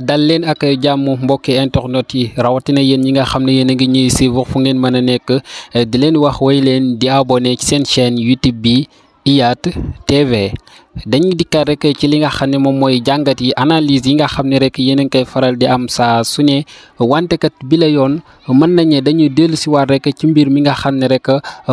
dal leen ak jàmm mbokki internet yi rawatina yéen ñi nga xam ne yéen a ngi ñuy suivre fu ngeen mën a nekk di leen wax way leen di abonné ci seen yu YouTube bi IYAT TV dañuy dikkaat rek ci li nga xam ne moom mooy jàngat yi analyse yi nga xam ne rek yéen a ngi koy faral di am saa su ne wante bi la yoon mën nañu dañuy dellu siwaat rek ci mbir mi nga xam ne rek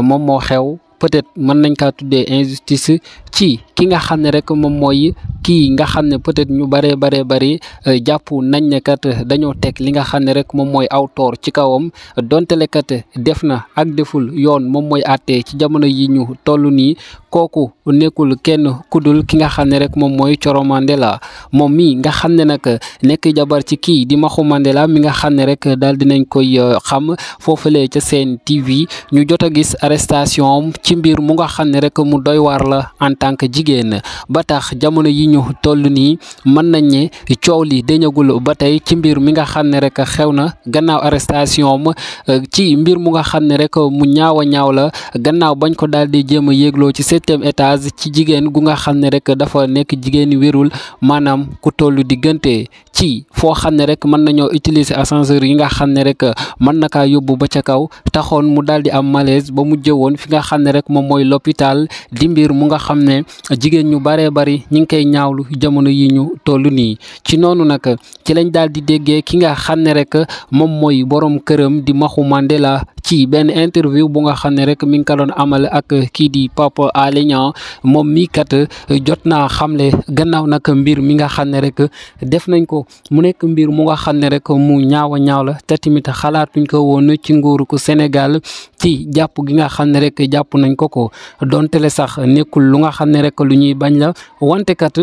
moom moo xew. peut-être mën nañ kaa tuddee injustice ci ki nga xam ne rek moom mooy kii nga xam ne peut-être ñu bëree baree bëri euh, jàpp nañ ne kat dañoo teg li nga xam ne rek moom mooy aw toor ci kawam dontele kat def na ak deful yoon moom mooy àttee ci jamono yi ñu toll nii kooku nekkul kenn kudul ki nga xam ne rek moom mooy Coro Mandela moom mii nga xam ne nag nekk jabar ci kii di Maxu Mandela mi nga xam ne rek daal nañ koy euh, xam foofu foofulee ca seen TV ñu jot a gis arrestation ci mbir mu nga xam ne rek mu doy waar la en tant que jigéen ba tax jamono yi ñu toll nii mën nañ ne coow li dañagul ba tey ci mbir mi nga xam ne rek xew na gannaaw arrestation ma ci mbir mu nga xam ne rek mu ñaaw a ñaaw la gannaaw bañ ko daal di jéem a yéegloo ci septième étage ci jigéen gu nga xam ne rek dafa nekk jigéen wérul maanaam ku tollu diggante ci foo xam ne rek mën nañoo utiliser ascenseur yi nga xam ne rek mën na kaa yóbbu ba ca kaw taxoon mu daal rek moom mooy l'hôpital di mbir mu nga xam ne jigéen ñu baree bari ñi ngi koy ñaawlu jamono yi ñu toll nii ci noonu nag ci lañ daal di déggee ki nga xam ne rek moom mooy boroom këram di Maxu Mandela ci benn interview bu nga xam ne rek mi ngi ko doon ak kii di Pape Alé moom mii kat jot naa xamle gannaaw nag mbir mi nga xam ne rek def nañ ko mu nekk mbir mu nga xam ne rek mu ñaaw a ñaaw la te xalaatuñ ko woon ci nguuru Sénégal ci jàpp gi nga xam ne rek jàpp na nañ ko ko donte le sax nekkul lu nga xam ne rek lu ñuy bañ la wante kat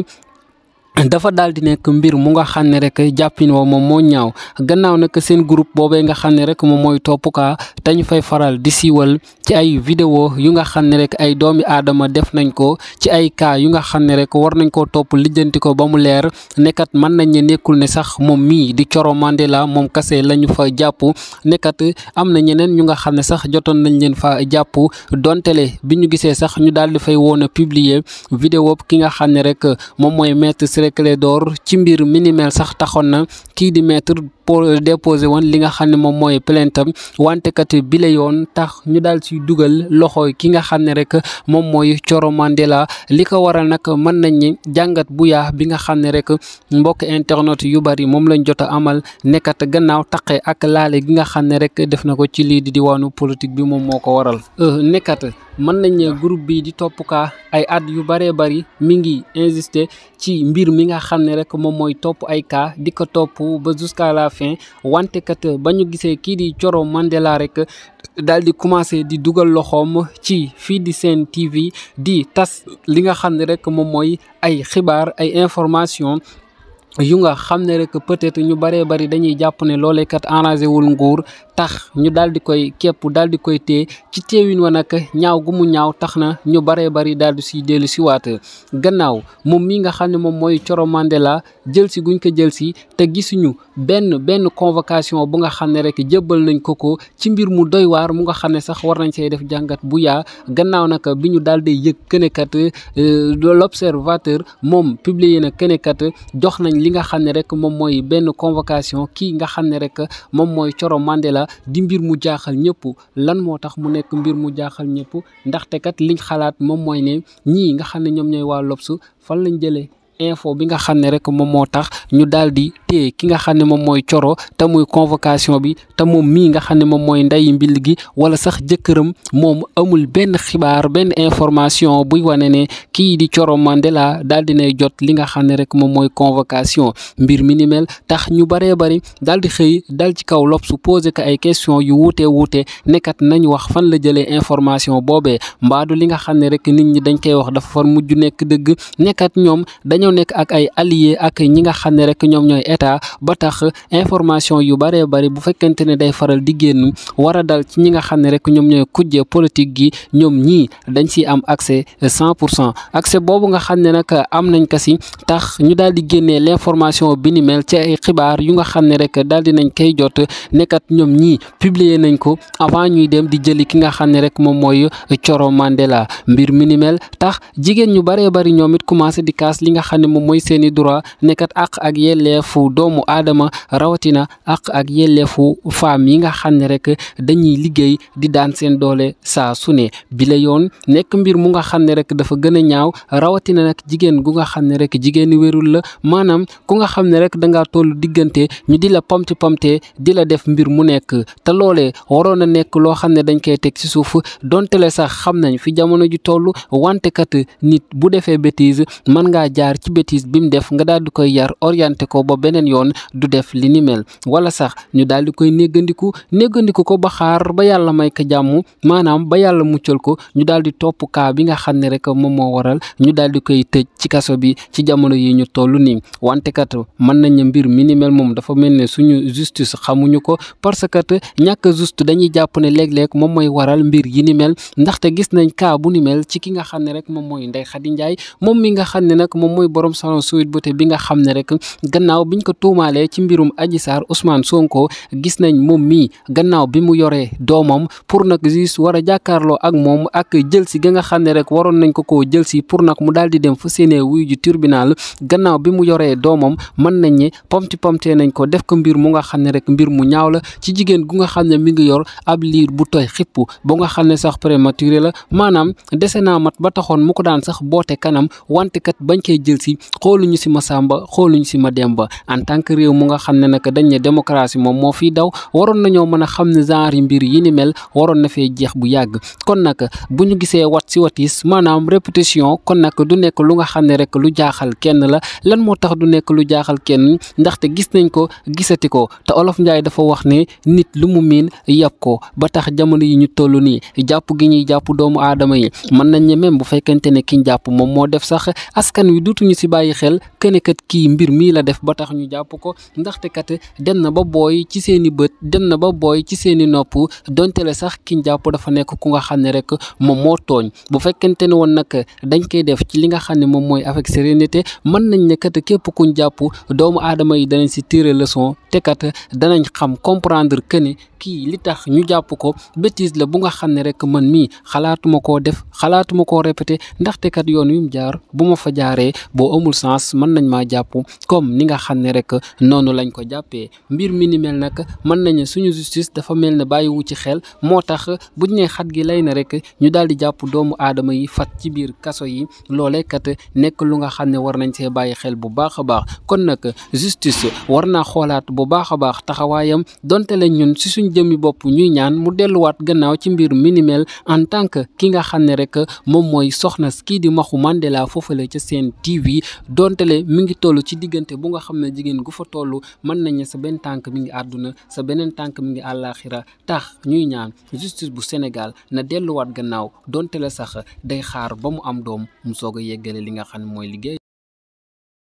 dafa daal di nekk mbir mu nga xam ne rek jàppin woo moom moo ñaaw gannaaw nag seen groupe boobee nga xam ne rek moom mooy toppuka kaa fay faral di siiwal ci ay vidéo yu nga xam ne rek ay doomi aadama def nañ ko ci ay cas yu nga xam ne rek war nañ koo topp lijjanti ko ba mu leer nekkat mën nañ ne nekkul ne sax moom mii di Coro Mandela moom kase lañu fa jàpp nekkat am na ñeneen ñu nga xam ne sax jotoon nañ leen fa jàpp dontele bi ñu gisee sax ñu daal di fay woon a publier vidéo ki nga xam ne rek moom mooy maître Ciré Clédor ci mbir minimel sax taxoon na kii di maître déposé woon li nga xam ne moom mooy plaintam wante kat bi la yoon tax ñu daal ci dugal loxo ki nga xam ne rek moom mooy Coro Mandela li ko waral nag mën nañ ni jàngat bu yaax bi nga xam ne rek mbokk internet yu bari moom lañ jot a amal nekkat gannaaw taqe ak laale gi nga xam ne rek def na ko ci lii di diwaanu politique bi moom moo ko waral euh, nekkat mën nañ ne groupe bi di topp kaa ay at yu bëree bari mi ngi insister ci mbir mi nga xam ne rek moom mooy topp ay cas di ko topp ba jusqu'à la fin wante kat ba ñu gisee kii di Coro Mandela rek daal di commencé di dugal loxoom ci fii di Sen TV di tas li nga xam ne rek moom mooy ay xibaar ay information yu nga xam ne rek peut-être ñu bëree bëri dañuy jàpp ne loolee kat arrangé wul nguur tax ñu daal di koy képp daal di koy téye ci teewin wa nag ñaaw gu mu ñaaw tax na ñu baree bari daal di siy dellu si gannaaw moom mii nga xam ne moom mooy Coro Mandela jël si guñ ko jël si te gisuñu benn benn convocation bu nga xam ne rek jëbbal nañ ko ko ci mbir mu doy waar mu nga xam ne sax war nañ see def jàngat bu yaa gannaaw nag bi ñu daal di yëg kënekat euh, l'observateur moom publié na kënekat jox nañ li nga xam ne rek moom mooy benn convocation kii nga xam ne rek moom mooy Coro Mandela di mbir mu jaaxal ñëpp lan moo tax mu nekk mbir mu jaaxal ñëpp ndaxte kat liñ xalaat moom mooy ne ñii nga xam ne ñoom ñooy waa Lobs fan lañ jëlee info bi nga xam ne rek moom moo tax ñu daal di téye ki nga xam ne moom mooy Coro te muy convocation bi te moom mii nga xam ne moom mooy nday mbil gi wala sax jëkkëram moom amul benn xibaar benn information buy wane ne kii di Coro Mandela daal di nay jot li nga xam ne rek moom mooy convocation mbir mi ni mel tax ñu bëree bëri daal di xëy dal ci kaw lob su posé ko ay question yu wuute wuute nekkat nañ wax fan la jëlee information boobee mbaadu li nga xam ne rek nit ñi dañ koy wax dafa far mujj nekk dëgg nekkat ñoom dañoo nekk ak ay alliés ak ñi nga xam ne rek ñoom ñooy état ba tax information yu bëree bari bu fekkente ne day faral di génn war a dal ci ñi nga xam ne rek ñoom ñooy kujje politique gi ñoom ñii dañ si am accès cent pour cent accès boobu nga xam ne nag am nañ ko si tax ñu daal di génnee l' information bi ci ay xibaar yu nga xam ne rek daal di nañ koy jot nekkat ñoom ñii publier nañ ko avant ñuy dem di jëli ki nga xam ne rek moom mooy Coro Mandela mbir mi tax jigéen ñu bëree bëri xam ne moom mooy seen droit nekkat àq ak yelleefu doomu aadama rawatina àq ak yelleefu femmes yi nga xam ne rek dañuy liggéey di daan seen doole saa su ne bi yoon nekk mbir mu nga xam ne rek dafa gën a ñaaw rawatina nag jigéen gu nga xam ne rek jigéeni wérul la maanaam ku nga xam ne rek da ngaa diggante ñu di la pamti pamte di la def mbir mu nekk te loole waroon a nekk loo xam ne dañ koy teg ci suuf donte sax xam nañ fi jamono ji toll wante kat ci bêtise bi mu def nga daal di koy yar orienté ko ba beneen yoon du def li ni mel wala sax ñu daal di koy néggandiku néggandiku ko ba xaar ba yàlla may ko jàmm maanaam ba yàlla muccal ko ñu daal di topp kaa bi nga xam ne rek moom moo waral ñu daal di koy tëj ci kaso bi ci jamono yi ñu toll nii wante kat mën nañu mbir mi ni moom dafa mel ne suñu justice xamuñu ko parce que ñàkk juste dañuy jàpp ne léeg moom mooy waral mbir yi ni mel ndaxte gis nañ kaa bu ni mel ci ki nga xam ne rek moom mooy Ndeye Khady Ndiaye moom mi nga xam ne nag moom mooy borom salon Sweet Beauté bi nga xam ne rek gannaaw bi ñu ko tuumaalee ci mbirum Adji Sarr Ousmane Sonko gis nañ moom mii gannaaw bi mu yoree doomam pour nag juste war a jàkkaarloo ak moom ak jël si ga nga xam ne rek waroon nañ ko ko jël si pour nag mu daal di dem fa séenee wuyu ji tribunal gannaaw bi mu yoree doomam mën nañ ne pomti pomte nañ ko def ko mbir mu nga xam ne rek mbir mu ñaaw la ci jigéen gu nga xam ne mi ngi yor ab liir bu toy xippu bu nga xam ne sax prématuré la maanaam dese naa mat ba taxoon mu ko daan sax boote kanam wante bañ koy si xooluñu si Masamba xooluñu si Mademba en tant que réew mu nga xam ne nag dañ ne démocratie moom moo fiy daw waroon nañoo mën a xam ne genre mbir yi ni mel waroon na fee jeex bu yàgg kon nag bu ñu gisee wat si watis maanaam répétition kon nag du nekk lu nga xam ne rek lu jaaxal kenn la lan moo tax du nekk lu jaaxal kenn ndaxte gis nañ ko gisati ko te Olof Njaay dafa wax ne nit lu mu miin yàpp ko ba tax jamono yi ñu toll nii jàpp gi ñuy jàpp doomu aadama yi ñu si bàyyi xel kene kat kii mbir mii la def ba tax ñu jàpp ko ndaxte kat dem na ba booy ci seen i bët dem na ba booy ci seen i nopp donte le sax kiñ jàpp dafa nekk ku nga xam ne rek moom moo tooñ bu fekkente ne woon nag dañ koy def ci li nga xam ne moom mooy avec sérénité mën nañ ne kat képp kuñ jàpp doomu aadama yi danañ si tirer leçon te danañ xam comprendre que ne kii li tax ñu jàpp ko bêtise la bu nga xam ne rek man mii xalaatuma ko def xalaatuma koo répété ndaxte kat yoon wi mu jaar bu ma fa jaaree boo amul sens mën nañ maa jàpp comme ni nga xam ne rek noonu lañ ko jàppee mbir mi ni nag mën nañ suñu justice dafa mel ne bàyyiwu ci xel moo tax buñ ne xat gi lay na rek ñu daal di jàpp doomu aadama yi fat ci biir kaso yi loolee kat nekk lu nga xam ne war nañ see bàyyi xel bu baax a baax kon nag justice war naa xoolaat bu baax a baax taxawaayam donte la ñun si suñ jëmmi bopp ñuy ñaan mu delluwaat gannaaw ci mbir mi en tant que ki nga xam ne rek moom suivi donte le mi ngi toll ci diggante bu nga xam ne jigéen gu fa toll mën nañu sa benn tànk mi ngi àdduna sa beneen tànk mi ngi àllaaxira tax ñuy ñaan justice bu Sénégal na delluwaat gannaaw donte la sax day xaar ba mu am doom mu soog a yeggale li nga xam ne mooy liggéey.